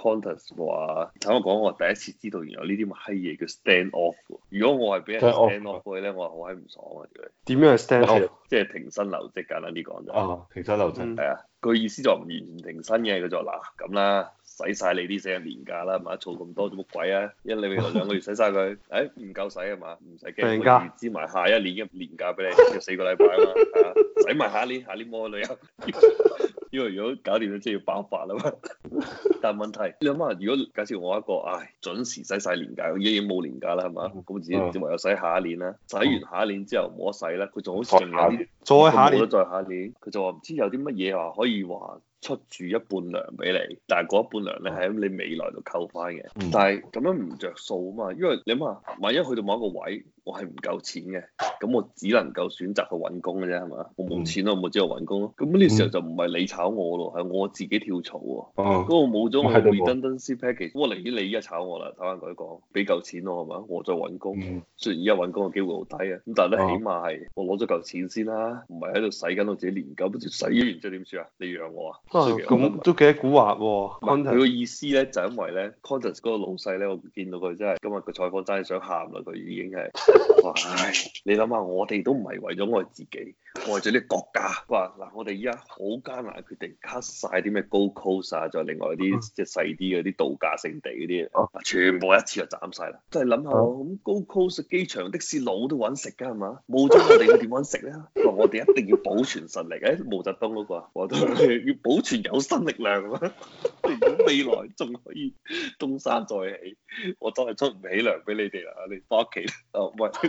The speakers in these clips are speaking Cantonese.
Contest 話，睇我講，我第一次知道原來呢啲咁閪嘢叫 stand off 如果我係俾人 stand off 嘅咧，我係好閪唔爽啊！點樣去 stand off？即係停薪留職㗎啦，呢個就啊，停薪留職係啊。個、嗯嗯、意思就唔完全停薪嘅，佢就嗱咁啦，使晒你啲四個年假啦，唔好做咁多做乜鬼啊！因為你未來兩個月使晒佢，誒、哎、唔夠使啊嘛，唔使驚，下我預埋下一年嘅年假俾你，約四個禮拜啊嘛，使埋下一年下年冇去旅遊。 因為如果搞掂咗，即係要爆發啦嘛。 但係問題，你諗下，如果假設我一個，唉，準時使晒年假，我已經冇年假啦，係嘛？咁、嗯、自然就話又使下一年啦。使完下一年之後唔可使啦，佢仲好剩有再下，再下年，再下年，佢就話唔知有啲乜嘢話可以話出住一半糧俾你，但係嗰一半糧咧係喺你未來度扣翻嘅。嗯、但係咁樣唔着數啊嘛，因為你諗下，萬一去到某一個位，我係唔夠錢嘅，咁我只能夠選擇去揾工嘅啫，係嘛？我冇錢咯，嗯、我咪只係揾工咯。咁呢個時候就唔係你炒我咯，係我自己跳槽啊。嗰個冇咗我 redundancy package，我寧願你依家炒我啦，坦白講，俾嚿錢我係嘛？我再揾工，嗯、雖然依家揾工嘅機會好低啊，咁但係咧起碼係我攞咗嚿錢先啦，唔係喺度使緊我自己年金，唔知使完之後點算啊？你養我啊？咁都幾誒古惑喎。佢個、啊、意思咧就因為咧，Constance 嗰個老細咧，我見到佢真係今日個採訪真係想喊啦，佢已經係。 唉、哎，你諗下，我哋都唔係為咗我哋自己，為咗啲國家。話嗱，我哋依家好艱難嘅決定，cut 晒啲咩高 cost 啊，再另外啲即係細啲嗰啲度假勝地嗰啲，全部一次就斬晒啦。即係諗下，咁、哦、高 cost 機場的士佬都揾食噶係嘛？冇咗我哋，佢點揾食咧？ 我哋一定要保存實力。誒，毛澤東嗰個，我哋要保存有生力量，我 哋未來仲可以東山再起。我真係出唔起糧俾你哋啦，你翻屋企。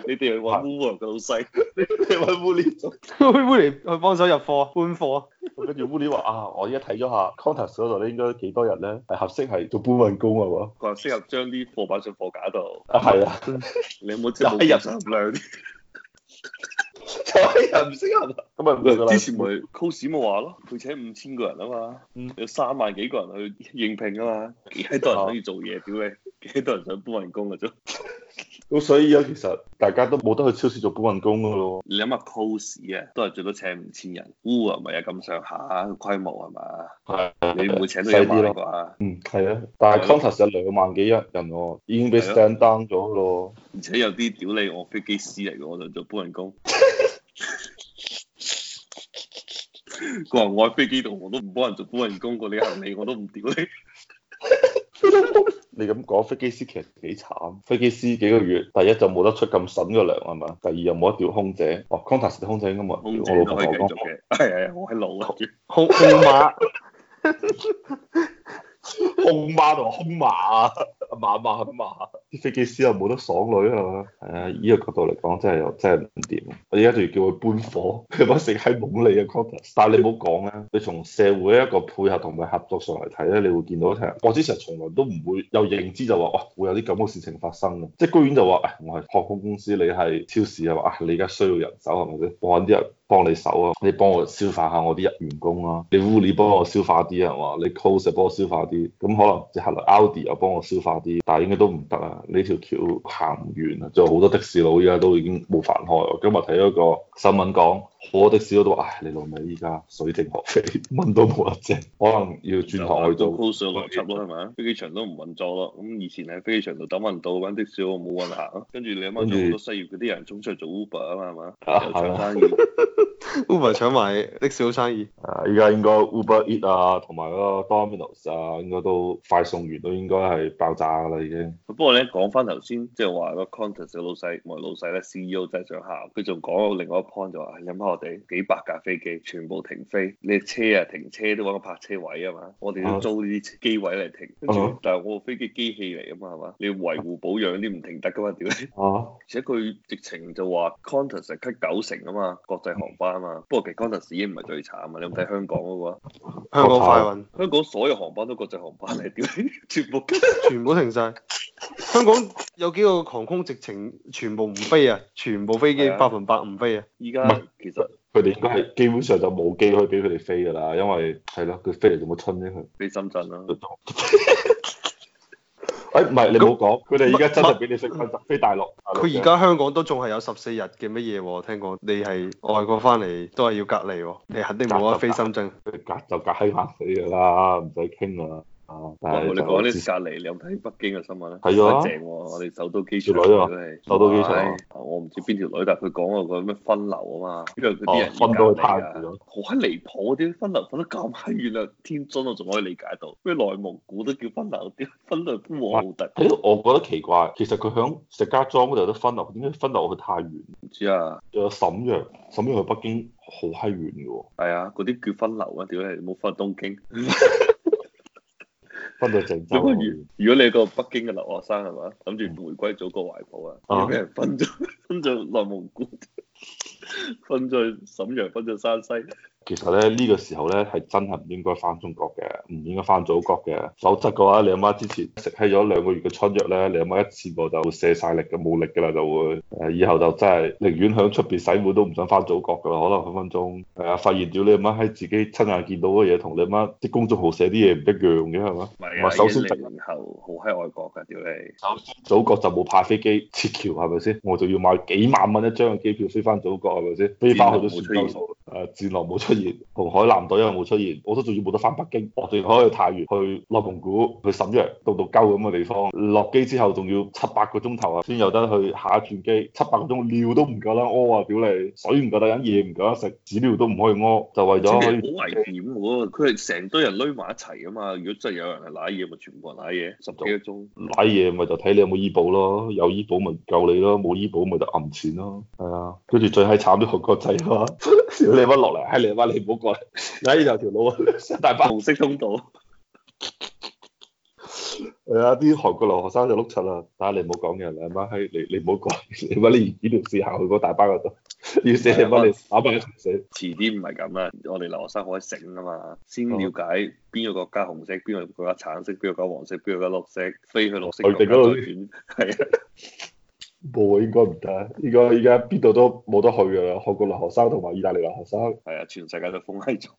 喂、哦。你哋係揾烏雲嘅老細。 你哋揾烏尼做，烏烏嚟去幫手入貨搬貨啊。跟住烏尼話啊，我依家睇咗下 contest 嗰度應該幾多人咧，係合適係做搬運工係喎。佢話適合將啲貨擺上貨架度。啊，係啊，你有冇拉 入含量？ 又唔識人，咁咪唔得啦！之前咪 cos 咪話咯，佢、嗯、請五千個人啊嘛，嗯、有三萬幾個人去應聘啊嘛，幾多人可以做嘢屌你，幾、啊、多，多人想搬運工啊？咁、啊、所以啊，其實大家都冇得去超市做搬運工噶咯。你諗下 cos 啊，都係最多請五千人，烏啊咪又咁上下規模係嘛？係的，你唔會請到一啲個啊？吧嗯，係啊，但係 contest 有兩萬幾人喎，已經俾 stand down 咗咯。而且有啲屌你，我飛機師嚟嘅，我就做搬運工。佢話我喺飛機度，我都唔幫人做搬運工過，過你行李我都唔屌你。 你咁講，飛機師其實幾慘。飛機師幾個月，第一就冇得出咁筍嘅糧係嘛？第二又冇得屌空姐。哦，contact 空姐今日屌我老婆。係我喺公老嘅空空馬 空媽同空麻啊，麻麻咁啲飛機師又冇得爽女啊，係啊，依個角度嚟講真係又真係唔掂。我而家仲要叫佢搬貨，我食喺冇理嘅 counter 但係你唔好講啊，你從社會一個配合同埋合作上嚟睇咧，你會見到其實我之前從來都唔會有認知就話哇、啊、會有啲咁嘅事情發生嘅，即、就、係、是、居然就話誒、哎、我係航空公司，你係超市啊，你而家需要人手係咪先，我揾啲人。幫你手啊！你幫我消化下我啲一員工啊！你污，你 l 幫我消化啲係嘛？你 Close 幫我消化啲，咁可能接下來 Audi 又幫我消化啲，但係應該都唔得啊！呢條橋行唔完啊！仲有好多的士佬依家都已經冇飯開。我今日睇咗個新聞講。我的士都都，唉，你老味依家水靜河飛，蚊 都冇得借，可能要轉行去做。close 落落閘咯，係嘛、嗯？吧飛機場都唔運作咯，咁以前喺飛機場度等運到揾的士，我冇運行。跟住你有冇做咗失業，嗰啲人衝出去做 Uber 啊嘛，係嘛？搶生意，Uber 搶埋的士好生意。啊，依家應該 Uber Eat 啊，同埋嗰個 Domino's 啊，應該都快送完都應該係爆炸噶啦，已經。 不過咧講翻頭先，即係話個 Contest 老細，我哋老細咧，CEO 仔係想嚇，佢仲講到另外一 point 就話，我哋幾百架飛機全部停飛，你車啊停車啊都揾個泊車位啊嘛，我哋都租啲機位嚟停。但係我個飛機機器嚟啊嘛，係嘛？你要維護保養啲唔停得噶嘛？屌！啊、而且佢直情就話 Cathay 係 cut 九成啊嘛，國際航班啊嘛。不過其實 Cathay 已經唔係最慘啊，你有冇睇香港嗰、嗰個？香港快運，香港所有航班都國際航班嚟，屌！全部 全部停晒，香港。有幾個航空直情全部唔飛啊，全部飛機百分百唔飛啊。而家其實佢哋應該係基本上就冇機可以俾佢哋飛噶啦，因為係咯，佢飛嚟做乜春啫佢？飛深圳咯。哎，唔係你冇講，佢哋而家真係俾你飛深圳飛大陸。佢而家香港都仲係有十四日嘅乜嘢喎？聽講你係外國翻嚟都係要隔離喎，你肯定冇得飛深圳。隔就隔喺隔死啦，唔使傾啦。我哋講啲隔離，你有睇北京嘅新聞啊？睇啊，正我哋首都機場。首都機場？我唔知邊條女，但係佢講話個咩分流啊嘛，呢度啲人分到去太遠啊。太好閪離譜嗰、啊、啲分流，分得咁閪遠啊！天津我仲可以理解到，咩內蒙古都叫分流，啲分流孤寒好突？誒、啊，我覺得奇怪，其實佢響石家莊嗰度都分流，點解分流去太原？唔知啊。又有瀋陽，瀋陽去北京好閪遠嘅喎。係啊，嗰啲、啊、叫分流啊？屌解冇分去東京？ 分到鄭州、啊，如，如果你係個北京嘅留學生係嘛？諗住回歸祖國懷抱啊，俾、嗯、人分咗分咗內蒙古，分咗沈陽，分咗山西。其實咧呢、呢個時候咧係真係唔應該翻中國嘅，唔應該翻祖國嘅。否則嘅話，你阿媽之前食起咗兩個月嘅春藥咧，你阿媽一次過就會卸晒力嘅，冇力噶啦，就會誒，以後就真係寧願響出邊洗碗都唔想翻祖國噶啦。可能分分鐘誒，發現掉你阿媽喺自己親眼見到嘅嘢同你阿媽啲公眾號寫啲嘢唔一樣嘅，係嘛？唔係、啊、首先，十年後好喺外國噶，屌你！祖國就冇派飛機撤僑，係咪先？我就要買幾萬蚊一張嘅機票飛翻祖國，係咪先？飛翻去都算數。誒戰狼冇出現，同海南島因為冇出現。我都仲要冇得翻北京，我仲要去太原、去內蒙古、去沈陽，到度鳩咁嘅地方。落機之後仲要七八個鐘頭啊，先有得去下一轉機。七八個鐘尿都唔夠啦，屙啊！屌你，水唔夠大飲，嘢唔夠得食，紙尿都唔可以屙，就為咗～好危險喎！佢係成堆人匿埋一齊啊嘛！如果真係有人係瀨嘢，咪全部人瀨嘢，十幾個鐘。瀨嘢咪就睇你有冇醫保咯，有醫保咪救你咯，冇醫保咪就揞錢咯。係啊，跟住最係慘啲韓國仔。啊！ 屌你乜落嚟？閪你媽你唔好過嚟，睇 住有條路啊， 大班紅色通道。係啊、 哎，啲韓國學 試試、 嗯、留學生就碌柒啦，打你唔好講嘢，你媽閪你你唔好過嚟，你乜你呢條線行去嗰大班嗰度，要寫你乜你打筆寫。遲啲唔係咁啦，我哋留學生可以醒啊嘛，先了解邊個國家紅色，邊個國家橙色，邊個國家黃色，邊個國家綠色，飛去綠色。佢哋嗰度。 冇啊，應該唔得。依家依家邊度都冇得去嘅啦。韓國留學生同埋意大利留學生，係啊，全世界都封閪封閉咗。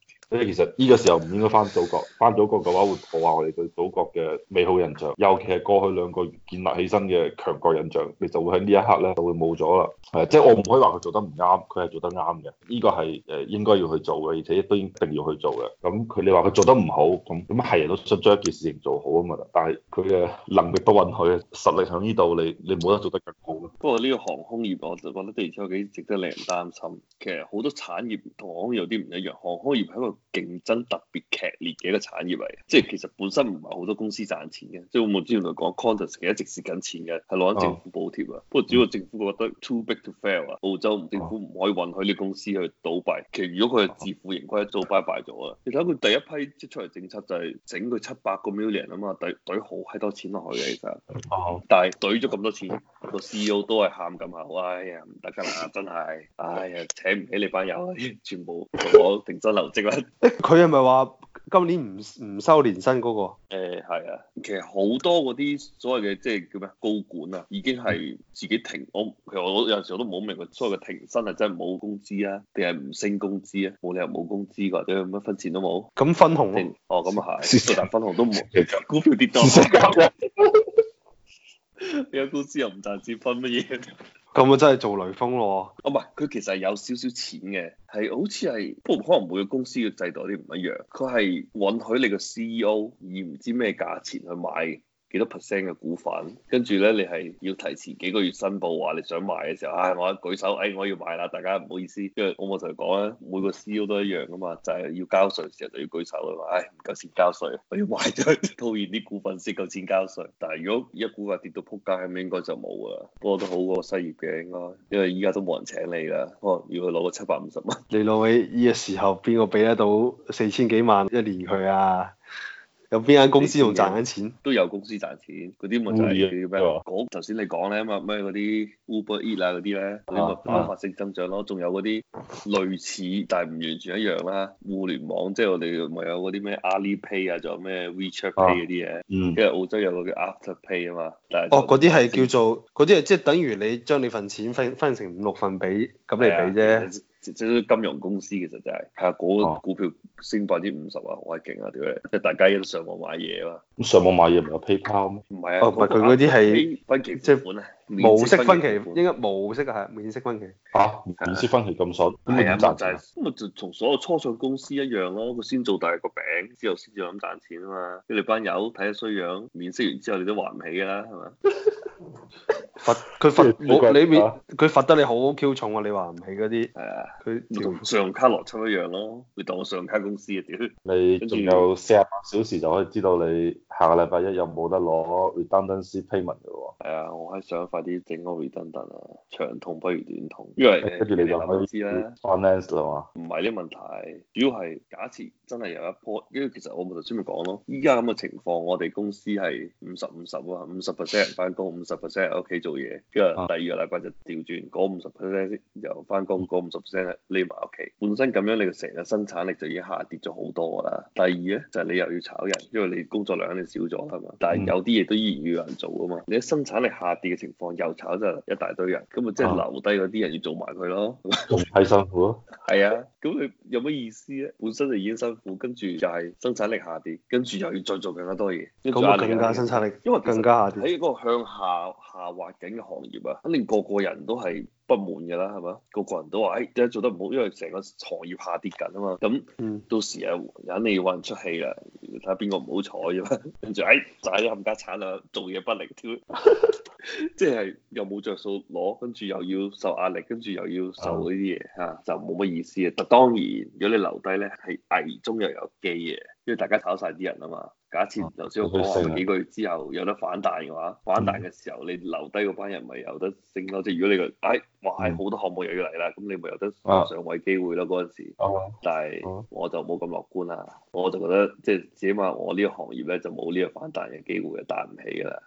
其實呢個時候唔應該翻祖國，翻祖國嘅話會破壞我哋對祖國嘅美好印象，尤其係過去兩個月建立起身嘅強國印象，你就會喺呢一刻咧就會冇咗啦。係即係我唔可以話佢做得唔啱，佢係做得啱嘅，呢個係誒應該要去做嘅，而且都一定要去做嘅。咁佢你話佢做得唔好，咁咁係人都想將一件事情做好啊嘛。但係佢嘅能力都允許，實力喺呢度，你你冇得做得更好。不過呢個航空業我就覺得，的而且確幾值得令人擔心。其實好多產業同航空有啲唔一樣，航空業喺、嗰個。競爭特別劇烈嘅一個產業嚟，即係其實本身唔係好多公司賺錢嘅。即係我之前嚟講 Qantas 嘅一直蝕緊錢嘅，係攞緊政府補貼啊。Oh. 不過主要政府覺得 Too Big to Fail，啊，澳洲政府唔可以允許呢公司去倒閉。其實如果佢係自負盈虧，一早拜拜咗啊。你睇佢第一批即出嚟政策就係、是、整佢七百個 million 啊嘛，懟懟好閪多錢落去嘅其實。Oh, 但係懟咗咁多錢，個 CEO 都係喊緊啊！哎呀唔得㗎啦，真係，哎呀請唔起你班友啊，全部同我停薪留職啦。 誒，佢係咪話今年唔唔收年薪嗰個？誒，係啊，其實好多嗰啲所謂嘅即係叫咩高管啊，已經係自己停。我其實我有陣時候我都冇明佢所謂嘅停薪啊，真係冇工資啊，定係唔升工資啊？冇理由冇工資，或者乜分錢都冇。咁分紅咧？哦，咁啊係。但分紅都冇，其實股票跌多。而 家公司又唔賺錢，分乜嘢？咁啊，真係做雷鋒咯！哦唔係，佢其實係有少少錢嘅，係好似係，不過可能每個公司嘅制度有啲唔一樣，佢係允許你個 CEO 以唔知咩價錢去買。幾多 percent 嘅股份？跟住咧，你係要提前幾個月申報話你想賣嘅時候，唉、哎，我一舉手，哎，我要賣啦，大家唔好意思，因為我冇同你講啦，每個 CEO 都一樣噶嘛，就係、是、要交稅時候就要舉手啊嘛，唉、哎，唔夠錢交稅，我要賣咗 套現啲股份先夠錢交稅。但係如果一股價跌到撲街，咁應該就冇啦。不過都好過失業嘅，應該，因為依家都冇人請你啦。可、哦、能要佢攞個七百五十蚊。你攞位。呢個時候，邊個俾得到四千幾萬一年佢啊？有邊間公司仲賺緊錢？都有公司賺錢，嗰啲咪就係叫咩？講頭先你講咧啊嘛，咩嗰啲 Uber Eat 啊嗰啲咧，嗰啲咪爆發性增長咯。仲、啊、有嗰啲類似，啊、但係唔完全一樣啦。互聯網即係、就是、我哋咪有嗰啲咩 Alipay 啊，仲有咩 WeChat Pay 嗰啲嘢。因為澳洲有個叫 After Pay 啊嘛。哦，嗰啲係叫做嗰啲係即係等於你將你份錢分分成五六份俾咁你俾啫。即金融公司其實就係，係啊，嗰股票升百分之五十啊，好係勁啊，點咧？即係大家一上網買嘢啊嘛。咁上網買嘢唔係有 PayPal 咩？唔係啊，佢嗰啲係分期即係款啊，免息分期應該免息啊，係免息分期。嚇！免息分期咁爽，咁你點賺錢？咁咪就同所有初創公司一樣咯，佢先做大個餅之後先至咁賺錢啊嘛。你哋班友睇下衰樣，免息完之後你都還唔起㗎啦，係嘛？ 罰佢罰我你面佢罰得你好 Q 重啊！你話唔起嗰啲誒，佢同信用卡落差一樣咯、啊，你當我信用卡公司啊屌！你仲有四十八小時就可以知道你下個禮拜一有冇得攞 redundancy payment 嘅喎。係啊，我喺想快啲整個 redundancy 啊，長痛不如短痛，因為跟住着你，你就可以 refinance 係嘛？唔係呢個問題，主要係假設真係有一波，因為其實我咪頭先咪講咯，依家咁嘅情況，我哋公司係五十五十啊，五十 percent 反光五十。十 percent 喺屋企做嘢，跟住第二個禮拜就調轉嗰五十 percent 又翻工，嗰五十 percent 匿埋屋企。本身咁樣你嘅成日生產力就已經下跌咗好多啦。第二咧就係、你又要炒人，因為你工作量肯定少咗啦嘛。嗯、但係有啲嘢都依然要有人做啊嘛。你喺生產力下跌嘅情況又炒咗一大堆人，咁咪即係留低嗰啲人要做埋佢咯，係辛苦咯。係啊，咁你、 啊、有咩意思咧？本身就已經辛苦，跟住就係生產力下跌，跟住又要再做更加多嘢，咁咪更加生產力，因為更加下跌喺嗰個向下。下滑緊嘅行業啊，肯定個個人都係不滿嘅啦，係嘛？個個人都話：「哎，點解做得唔好？因為成個行業下跌緊啊嘛。咁到時啊，肯定要揾人出氣啦。睇下邊個唔好彩啫嘛。跟住，哎，就係啲冚家鏟啊，做嘢不力，添。 即係又冇着數攞，跟住又要受壓力，跟住又要受呢啲嘢嚇，就冇乜意思啊！但當然，如果你留低咧，係危中又有機嘅，因為大家炒晒啲人啊嘛。假設頭先我講嘅幾個月之後有得反彈嘅話，反彈嘅時候你留低嗰班人咪有得升咯。即係如果你個、哎，哇，係好多項目又要嚟啦，咁你咪有得上位機會咯。嗰陣時，啊、但係我就冇咁樂觀啦，我就覺得即係起碼我呢個行業咧就冇呢個反彈嘅機會，彈唔起噶啦。